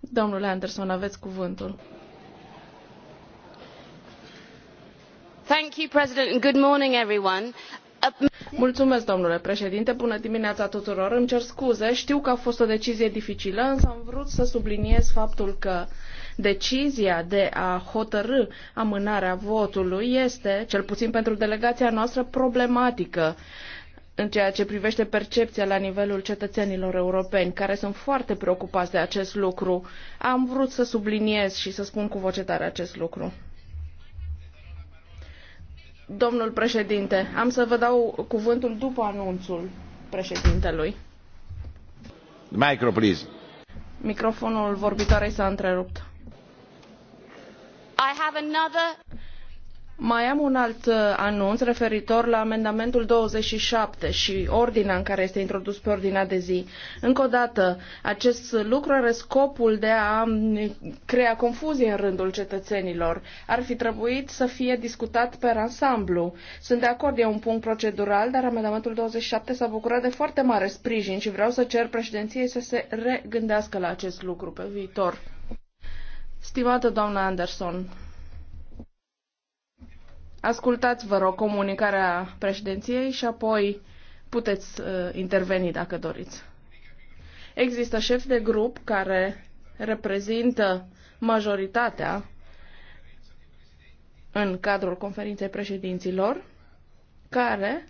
Domnule Anderson, aveți cuvântul. Thank you, President, and good morning, everyone. Mulțumesc, domnule președinte. Bună dimineața tuturor. Îmi cer scuze. Știu că a fost o decizie dificilă, însă am vrut să subliniez faptul că decizia de a hotărâ amânarea votului este, cel puțin pentru delegația noastră, problematică. Uh, în ceea ce privește percepția la nivelul cetățenilor europeni, care sunt foarte preocupați de acest lucru. Am vrut să subliniez și să spun cu voce tare acest lucru. Domnul președinte, am să vă dau cuvântul după anunțul președintelui. Micro, please. Microfonul vorbitoarei s-a întrerupt. I have another mai am un alt uh, anunț referitor la amendamentul 27 și ordinea în care este introdus pe ordinea de zi. Încă o dată, acest lucru are scopul de a um, crea confuzie în rândul cetățenilor. Ar fi trebuit să fie discutat pe ansamblu. Sunt de acord, e un punct procedural, dar amendamentul 27 s-a bucurat de foarte mare sprijin și vreau să cer președinției să se regândească la acest lucru pe viitor. Stimată doamna Anderson, Ascultați, vă rog, comunicarea președinției și apoi puteți uh, interveni dacă doriți. Există șefi de grup care reprezintă majoritatea în cadrul conferinței președinților, care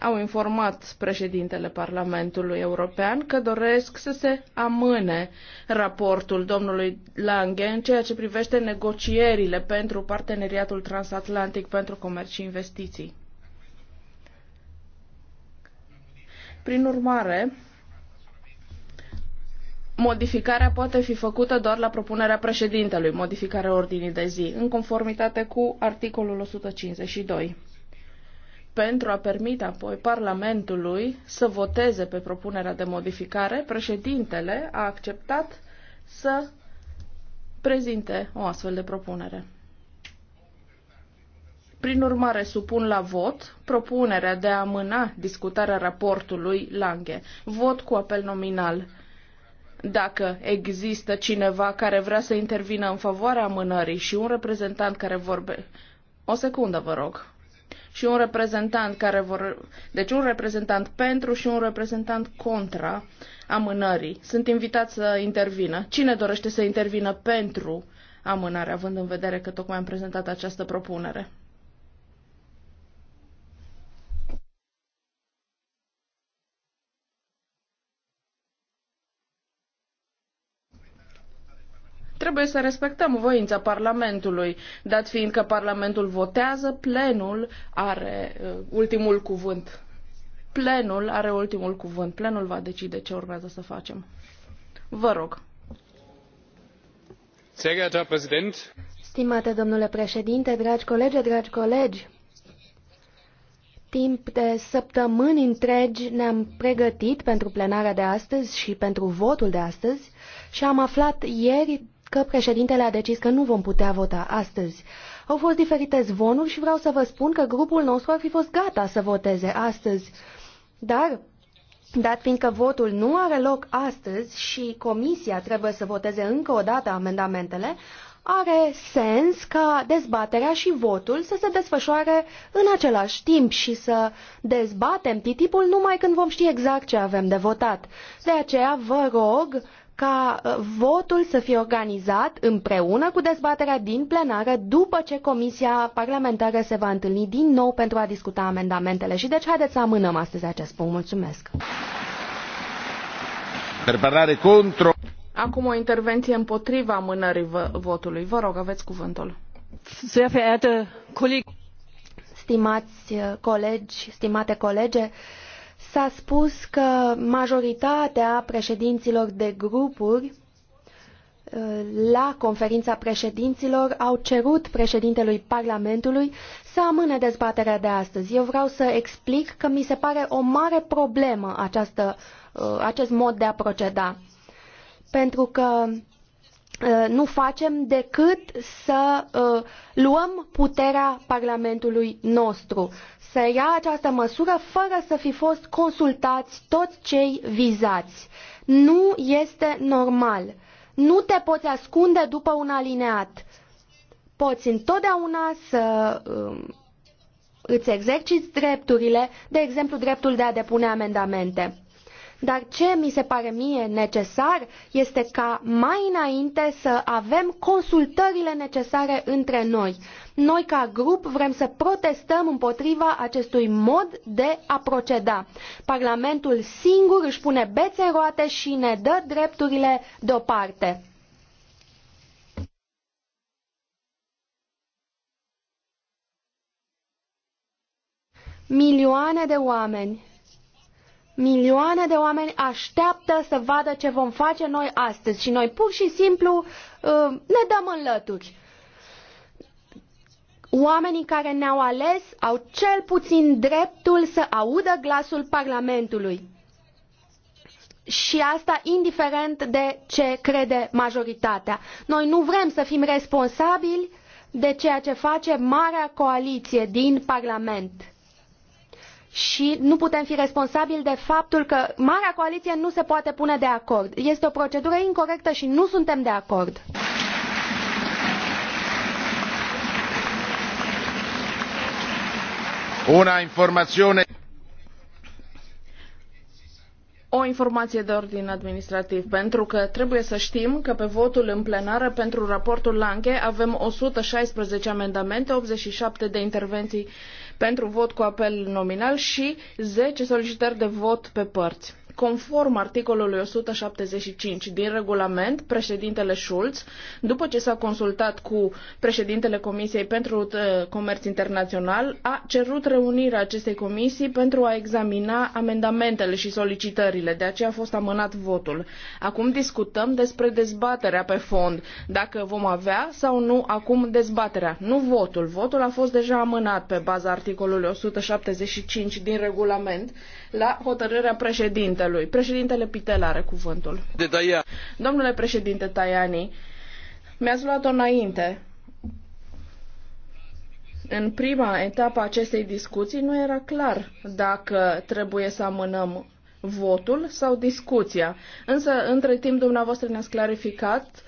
au informat președintele Parlamentului European că doresc să se amâne raportul domnului Lange în ceea ce privește negocierile pentru parteneriatul transatlantic pentru comerț și investiții. Prin urmare, modificarea poate fi făcută doar la propunerea președintelui, modificarea ordinii de zi, în conformitate cu articolul 152 pentru a permite apoi Parlamentului să voteze pe propunerea de modificare, președintele a acceptat să prezinte o astfel de propunere. Prin urmare, supun la vot propunerea de a amâna discutarea raportului Lange. Vot cu apel nominal. Dacă există cineva care vrea să intervină în favoarea amânării și un reprezentant care vorbe... O secundă, vă rog și un reprezentant care vor. Deci un reprezentant pentru și un reprezentant contra amânării. Sunt invitați să intervină. Cine dorește să intervină pentru amânare, având în vedere că tocmai am prezentat această propunere? trebuie să respectăm voința Parlamentului, dat fiind că Parlamentul votează, plenul are uh, ultimul cuvânt. Plenul are ultimul cuvânt. Plenul va decide ce urmează să facem. Vă rog. Stimate domnule președinte, dragi colegi, dragi colegi, timp de săptămâni întregi ne-am pregătit pentru plenarea de astăzi și pentru votul de astăzi și am aflat ieri că președintele a decis că nu vom putea vota astăzi. Au fost diferite zvonuri și vreau să vă spun că grupul nostru ar fi fost gata să voteze astăzi. Dar, dat fiindcă votul nu are loc astăzi și comisia trebuie să voteze încă o dată amendamentele, are sens ca dezbaterea și votul să se desfășoare în același timp și să dezbatem tipul numai când vom ști exact ce avem de votat. De aceea vă rog ca uh, votul să fie organizat împreună cu dezbaterea din plenară după ce Comisia Parlamentară se va întâlni din nou pentru a discuta amendamentele. Și deci haideți să amânăm astăzi acest punct. Mulțumesc. Acum o intervenție împotriva amânării votului. Vă rog, aveți cuvântul. Stimați uh, colegi, stimate colege, S-a spus că majoritatea președinților de grupuri uh, la conferința președinților au cerut președintelui Parlamentului să amâne dezbaterea de astăzi. Eu vreau să explic că mi se pare o mare problemă această, uh, acest mod de a proceda. Pentru că Uh, nu facem decât să uh, luăm puterea Parlamentului nostru, să ia această măsură fără să fi fost consultați toți cei vizați. Nu este normal. Nu te poți ascunde după un alineat. Poți întotdeauna să um, îți exerciți drepturile, de exemplu dreptul de a depune amendamente. Dar ce mi se pare mie necesar este ca mai înainte să avem consultările necesare între noi. Noi ca grup vrem să protestăm împotriva acestui mod de a proceda. Parlamentul singur își pune bețe în roate și ne dă drepturile deoparte. Milioane de oameni Milioane de oameni așteaptă să vadă ce vom face noi astăzi și noi pur și simplu uh, ne dăm în lături. Oamenii care ne-au ales au cel puțin dreptul să audă glasul Parlamentului. Și asta indiferent de ce crede majoritatea. Noi nu vrem să fim responsabili de ceea ce face Marea Coaliție din Parlament și nu putem fi responsabili de faptul că Marea Coaliție nu se poate pune de acord. Este o procedură incorrectă și nu suntem de acord. Una informazione o informație de ordin administrativ, pentru că trebuie să știm că pe votul în plenară pentru raportul Lange avem 116 amendamente, 87 de intervenții pentru vot cu apel nominal și 10 solicitări de vot pe părți conform articolului 175 din regulament, președintele Schulz, după ce s-a consultat cu președintele Comisiei pentru uh, Comerț Internațional, a cerut reunirea acestei comisii pentru a examina amendamentele și solicitările. De aceea a fost amânat votul. Acum discutăm despre dezbaterea pe fond, dacă vom avea sau nu acum dezbaterea, nu votul. Votul a fost deja amânat pe baza articolului 175 din regulament la hotărârea președintelui. Bruxelului. Președintele Pitel are cuvântul. De Daia. Domnule președinte Tajani, mi-ați luat-o înainte. În prima etapă a acestei discuții nu era clar dacă trebuie să amânăm votul sau discuția. Însă, între timp, dumneavoastră ne-ați clarificat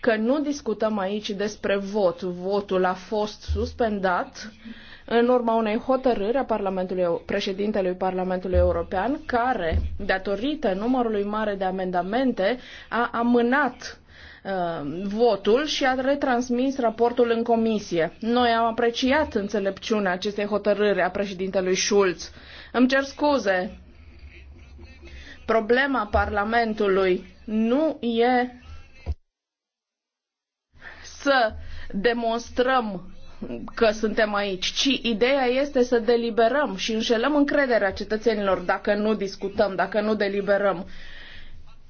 că nu discutăm aici despre vot. Votul a fost suspendat. Uh, în urma unei hotărâri a Parlamentului, președintelui Parlamentului European, care, datorită numărului mare de amendamente, a amânat uh, votul și a retransmis raportul în comisie. Noi am apreciat înțelepciunea acestei hotărâri a președintelui Schulz. Îmi cer scuze. Problema Parlamentului nu e să demonstrăm că suntem aici, ci ideea este să deliberăm și înșelăm încrederea cetățenilor dacă nu discutăm, dacă nu deliberăm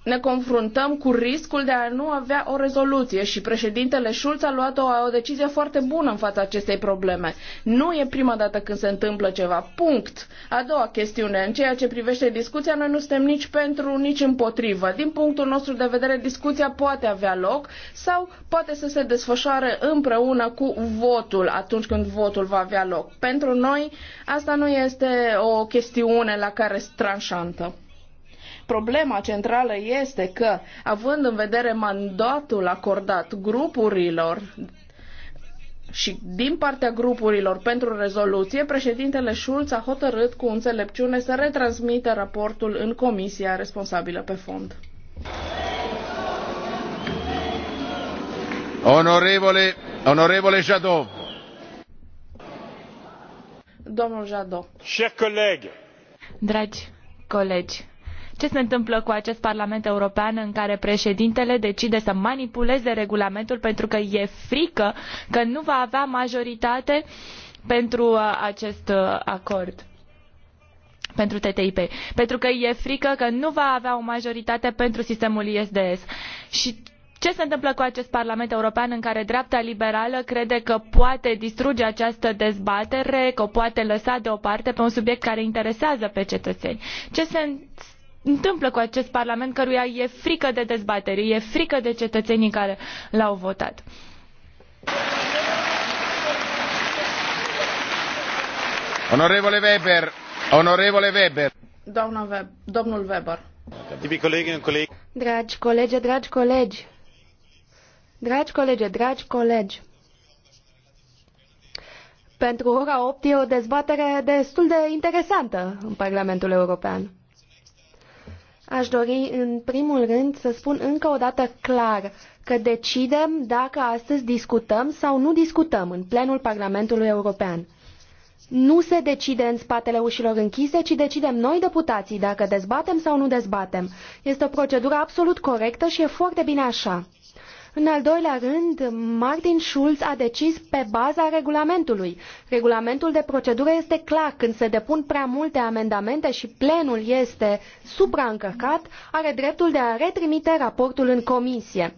ne confruntăm cu riscul de a nu avea o rezoluție și președintele Schulz a luat o, o decizie foarte bună în fața acestei probleme. Nu e prima dată când se întâmplă ceva. Punct. A doua chestiune. În ceea ce privește discuția, noi nu suntem nici pentru, nici împotrivă. Din punctul nostru de vedere, discuția poate avea loc sau poate să se desfășoare împreună cu votul atunci când votul va avea loc. Pentru noi, asta nu este o chestiune la care tranșantă. Problema centrală este că, având în vedere mandatul acordat grupurilor și din partea grupurilor pentru rezoluție, președintele Schulz a hotărât cu înțelepciune să retransmită raportul în comisia responsabilă pe fond. Onorevole, onorevole Jadot. Domnul Jadot. Dragi colegi, ce se întâmplă cu acest Parlament European în care președintele decide să manipuleze regulamentul pentru că e frică că nu va avea majoritate pentru uh, acest uh, acord? pentru TTIP, pentru că e frică că nu va avea o majoritate pentru sistemul ISDS. Și ce se întâmplă cu acest Parlament European în care dreapta liberală crede că poate distruge această dezbatere, că o poate lăsa deoparte pe un subiect care interesează pe cetățeni? Ce se întâmplă cu acest Parlament căruia e frică de dezbatere, e frică de cetățenii care l-au votat. Onorevole Weber, onorevole Weber. Doamna Web, domnul Weber. Dragi colegi, dragi colegi. Dragi colegi, dragi colegi. Pentru ora 8 e o dezbatere destul de interesantă în Parlamentul European. Aș dori în primul rând să spun încă o dată clar că decidem dacă astăzi discutăm sau nu discutăm în plenul Parlamentului European. Nu se decide în spatele ușilor închise, ci decidem noi deputații dacă dezbatem sau nu dezbatem. Este o procedură absolut corectă și e foarte bine așa. În al doilea rând, Martin Schulz a decis pe baza regulamentului. Regulamentul de procedură este clar. Când se depun prea multe amendamente și plenul este supraîncărcat, are dreptul de a retrimite raportul în comisie.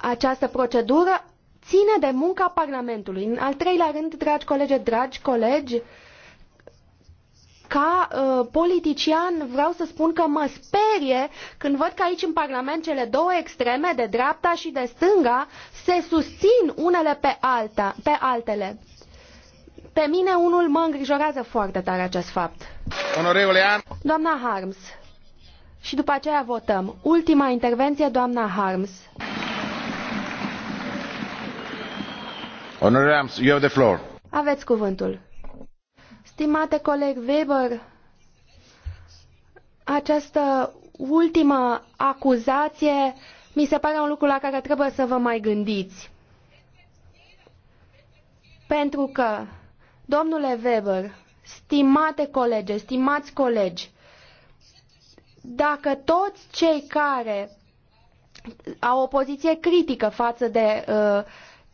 Această procedură ține de munca Parlamentului. În al treilea rând, dragi colegi, dragi colegi, ca uh, politician vreau să spun că mă sperie când văd că aici în Parlament cele două extreme, de dreapta și de stânga, se susțin unele pe, alta, pe altele. Pe mine unul mă îngrijorează foarte tare acest fapt. Onorevole Doamna Harms. Și după aceea votăm. Ultima intervenție, doamna Harms. Onorevole Harms, you have the floor. Aveți cuvântul. Stimate coleg Weber, această ultimă acuzație mi se pare un lucru la care trebuie să vă mai gândiți. Pentru că, domnule Weber, stimate colege, stimați colegi, dacă toți cei care au o poziție critică față de uh,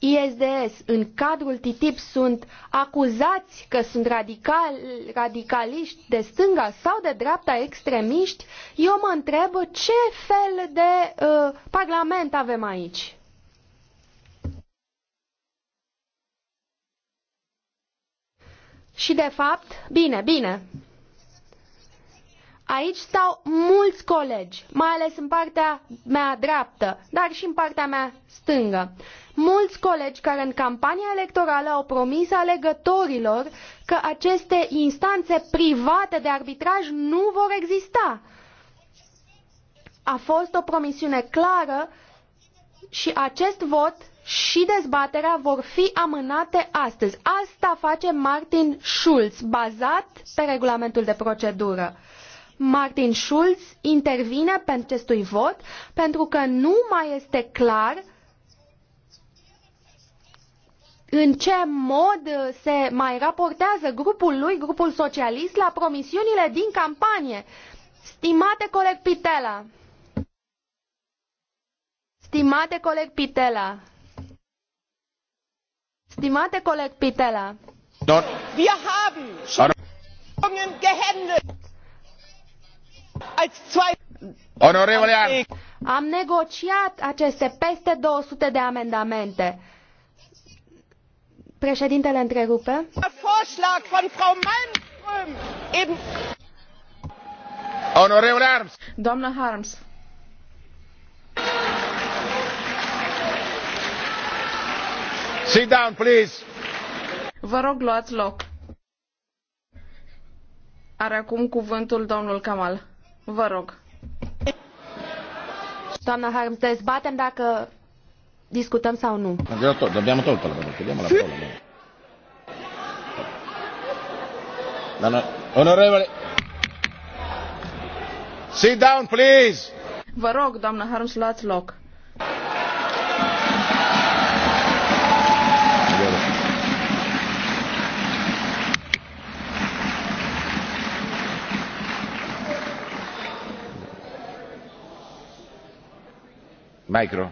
ISDS în cadrul TTIP sunt acuzați că sunt radical, radicaliști de stânga sau de dreapta extremiști, eu mă întreb ce fel de uh, parlament avem aici. Și de fapt, bine, bine, Aici stau mulți colegi, mai ales în partea mea dreaptă, dar și în partea mea stângă mulți colegi care în campania electorală au promis alegătorilor că aceste instanțe private de arbitraj nu vor exista. A fost o promisiune clară și acest vot și dezbaterea vor fi amânate astăzi. Asta face Martin Schulz, bazat pe regulamentul de procedură. Martin Schulz intervine pe acestui vot pentru că nu mai este clar în ce mod se mai raportează grupul lui, grupul socialist, la promisiunile din campanie. Stimate coleg Pitela, stimate coleg Pitela, stimate coleg Pitela, Wir haben schon gehandelt. Als zwei Onorevole Am negociat aceste peste 200 de amendamente. Președintele întrerupe. Onoreul Arms. Doamna Harms. Sit down, please. Vă rog, luați loc. Are acum cuvântul domnul Kamal. Vă rog. Doamna Harms, dezbatem dacă discutăm sau nu. Dobbiamo tolto la parola, chiediamo la parola. Onorevole. Sit down, please. Vă rog, doamnă Harms, luați loc. Micro.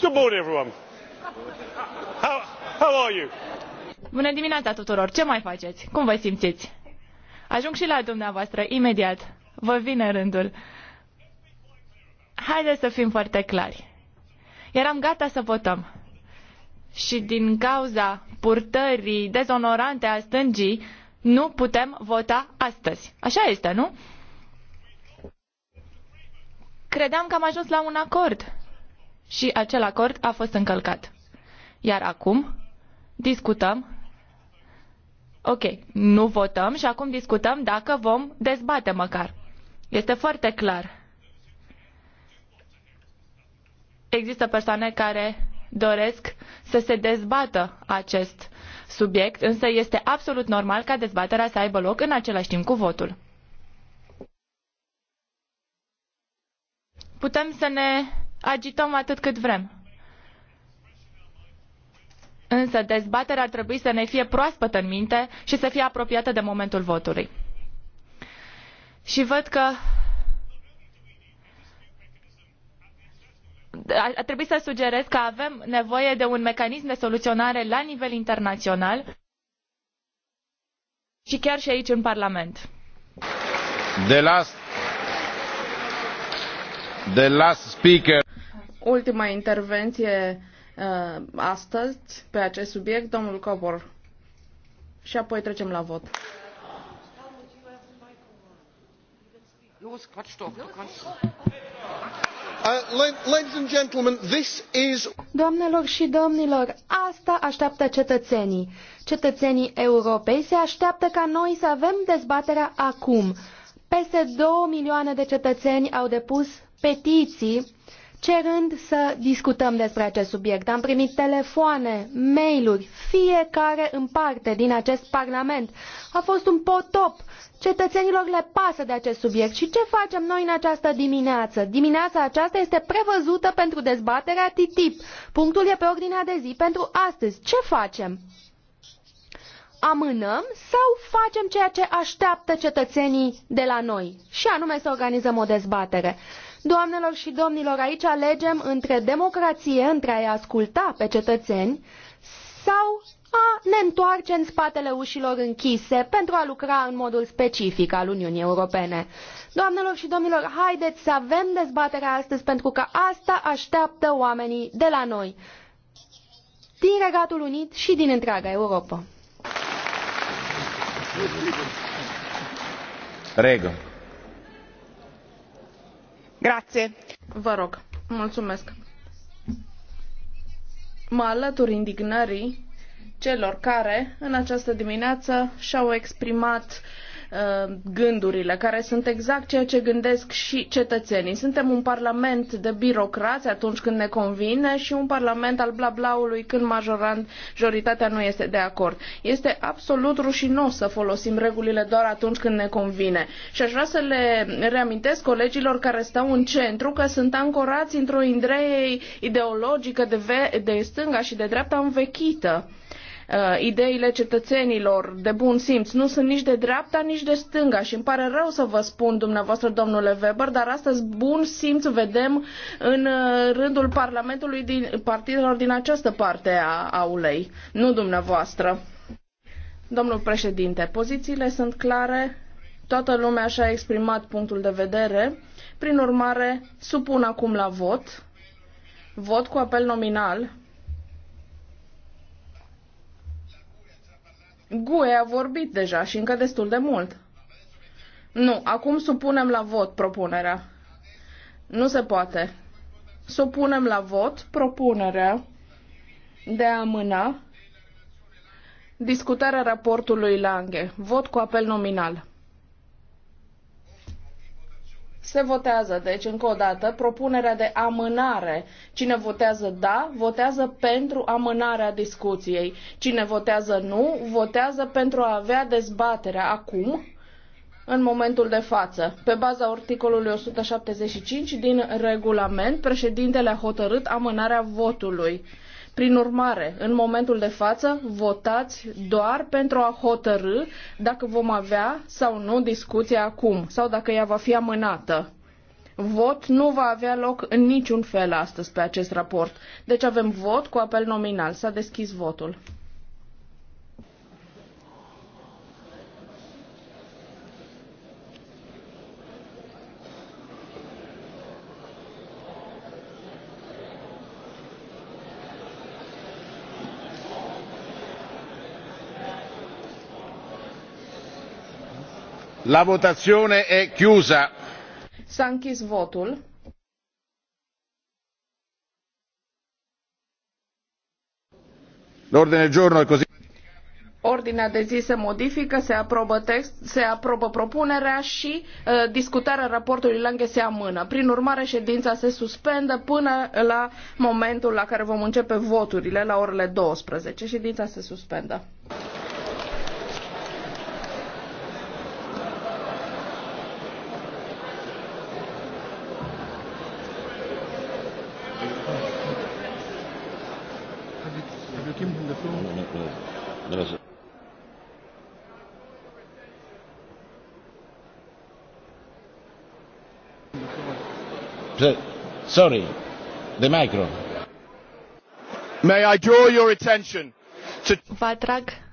Good morning, everyone. How, how are you? Bună dimineața tuturor! Ce mai faceți? Cum vă simțiți? Ajung și la dumneavoastră imediat. Vă vine rândul. Haideți să fim foarte clari. Eram gata să votăm. Și din cauza purtării dezonorante a stângii, nu putem vota astăzi. Așa este, nu? Credeam că am ajuns la un acord și acel acord a fost încălcat. Iar acum discutăm. Ok, nu votăm și acum discutăm dacă vom dezbate măcar. Este foarte clar. Există persoane care doresc să se dezbată acest subiect, însă este absolut normal ca dezbaterea să aibă loc în același timp cu votul. Putem să ne agităm atât cât vrem. Însă dezbaterea ar trebui să ne fie proaspătă în minte și să fie apropiată de momentul votului. Și văd că ar trebui să sugerez că avem nevoie de un mecanism de soluționare la nivel internațional și chiar și aici în Parlament. The last, the last speaker ultima intervenție uh, astăzi pe acest subiect, domnul Cobor. Și apoi trecem la vot. Uh, Doamnelor și domnilor, asta așteaptă cetățenii. Cetățenii Europei se așteaptă ca noi să avem dezbaterea acum. Peste două milioane de cetățeni au depus petiții cerând să discutăm despre acest subiect. Am primit telefoane, mail-uri, fiecare în parte din acest parlament. A fost un potop. Cetățenilor le pasă de acest subiect. Și ce facem noi în această dimineață? Dimineața aceasta este prevăzută pentru dezbaterea TTIP. Punctul e pe ordinea de zi pentru astăzi. Ce facem? amânăm sau facem ceea ce așteaptă cetățenii de la noi, și anume să organizăm o dezbatere. Doamnelor și domnilor, aici alegem între democrație, între a-i asculta pe cetățeni, sau a ne întoarce în spatele ușilor închise pentru a lucra în modul specific al Uniunii Europene. Doamnelor și domnilor, haideți să avem dezbaterea astăzi pentru că asta așteaptă oamenii de la noi, din Regatul Unit și din întreaga Europa. Rego. Vă rog, mulțumesc. Mă alătur indignării celor care în această dimineață și-au exprimat uh, Uh, gândurile, care sunt exact ceea ce gândesc și cetățenii. Suntem un parlament de birocrați atunci când ne convine și un parlament al blablaului când majoritatea nu este de acord. Este absolut rușinos să folosim regulile doar atunci când ne convine. Și aș vrea să le reamintesc colegilor care stau în centru că sunt ancorați într-o indreie ideologică de, de stânga și de dreapta învechită uh, ideile cetățenilor de bun simț nu sunt nici de dreapta, nici de stânga și îmi pare rău să vă spun dumneavoastră, domnule Weber, dar astăzi bun simț vedem în uh, rândul Parlamentului din partidelor din această parte a aulei, nu dumneavoastră. Domnul președinte, pozițiile sunt clare, toată lumea și-a exprimat punctul de vedere, prin urmare supun acum la vot, vot cu apel nominal, GUE a vorbit deja și încă destul de mult. Nu, acum supunem la vot propunerea. Nu se poate. Supunem la vot propunerea de a amâna discutarea raportului Lange. Vot cu apel nominal. Se votează, deci, încă o dată, propunerea de amânare. Cine votează da, votează pentru amânarea discuției. Cine votează nu, votează pentru a avea dezbaterea acum, în momentul de față. Pe baza articolului 175 din regulament, președintele a hotărât amânarea votului. Prin urmare, în momentul de față, votați doar pentru a hotărâ dacă vom avea sau nu discuția acum sau dacă ea va fi amânată. Vot nu va avea loc în niciun fel astăzi pe acest raport. Deci avem vot cu apel nominal. S-a deschis votul. La votazione è chiusa. S-a închis votul. L'ordine del giorno è così. Ordinea de zi se modifică, se aprobă text, se aprobă propunerea și uh, discutarea raportului Lange se amână. Prin urmare, ședința se suspendă până la momentul la care vom începe voturile, la orele 12. Ședința se suspendă. Sorry, the micro. May I draw your attention to... Vă atrag